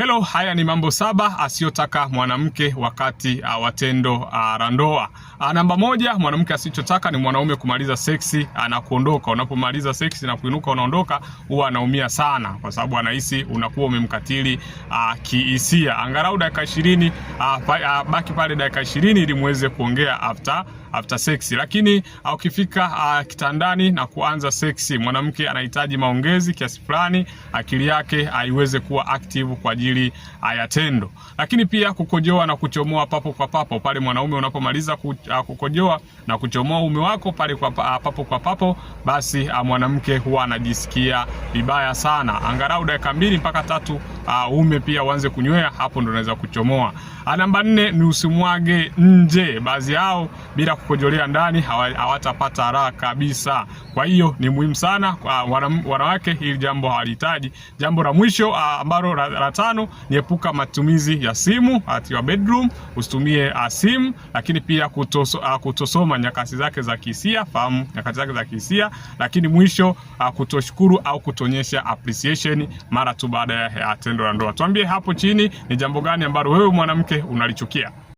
Hello, haya ni mambo saba asiyotaka mwanamke wakati uh, ah, wa tendo uh, ah, la ndoa. Uh, ah, namba moja, mwanamke asichotaka ni mwanaume kumaliza seksi uh, na kuondoka. Unapomaliza seksi na kuinuka unaondoka, huwa anaumia sana, kwa sababu anahisi unakuwa umemkatili uh, kihisia. Angalau dakika 20 uh, pa, uh, baki pale dakika 20 ili muweze kuongea after after sex. Lakini ukifika uh, kitandani na kuanza seksi, mwanamke anahitaji maongezi kiasi fulani, akili yake aiweze uh, kuwa active kwa ajili ajili ya tendo. Lakini pia kukojoa na kuchomoa papo kwa papo, pale mwanaume unapomaliza uh, kukojoa na kuchomoa uume wako pale kwa uh, papo kwa papo, basi uh, mwanamke huwa anajisikia vibaya sana. Angalau dakika mbili mpaka tatu uume pia uanze kunywea, hapo ndo unaweza kuchomoa. Namba nne ni usimwage nje. Baadhi yao bila kukojolea ndani hawatapata raha kabisa. Kwa hiyo ni muhimu sana kwa wanawake, hili jambo hawalihitaji. Jambo la mwisho ambalo la tano mfano ni epuka matumizi ya simu your bedroom, usitumie ah, simu, lakini pia kutoso, ah, kutosoma nyakati zake za kihisia, fahamu nyakati zake za kihisia, lakini mwisho ah, kutoshukuru au kutonyesha appreciation mara tu baada ya tendo la ndoa. Tuambie hapo chini ni jambo gani ambalo wewe mwanamke unalichukia.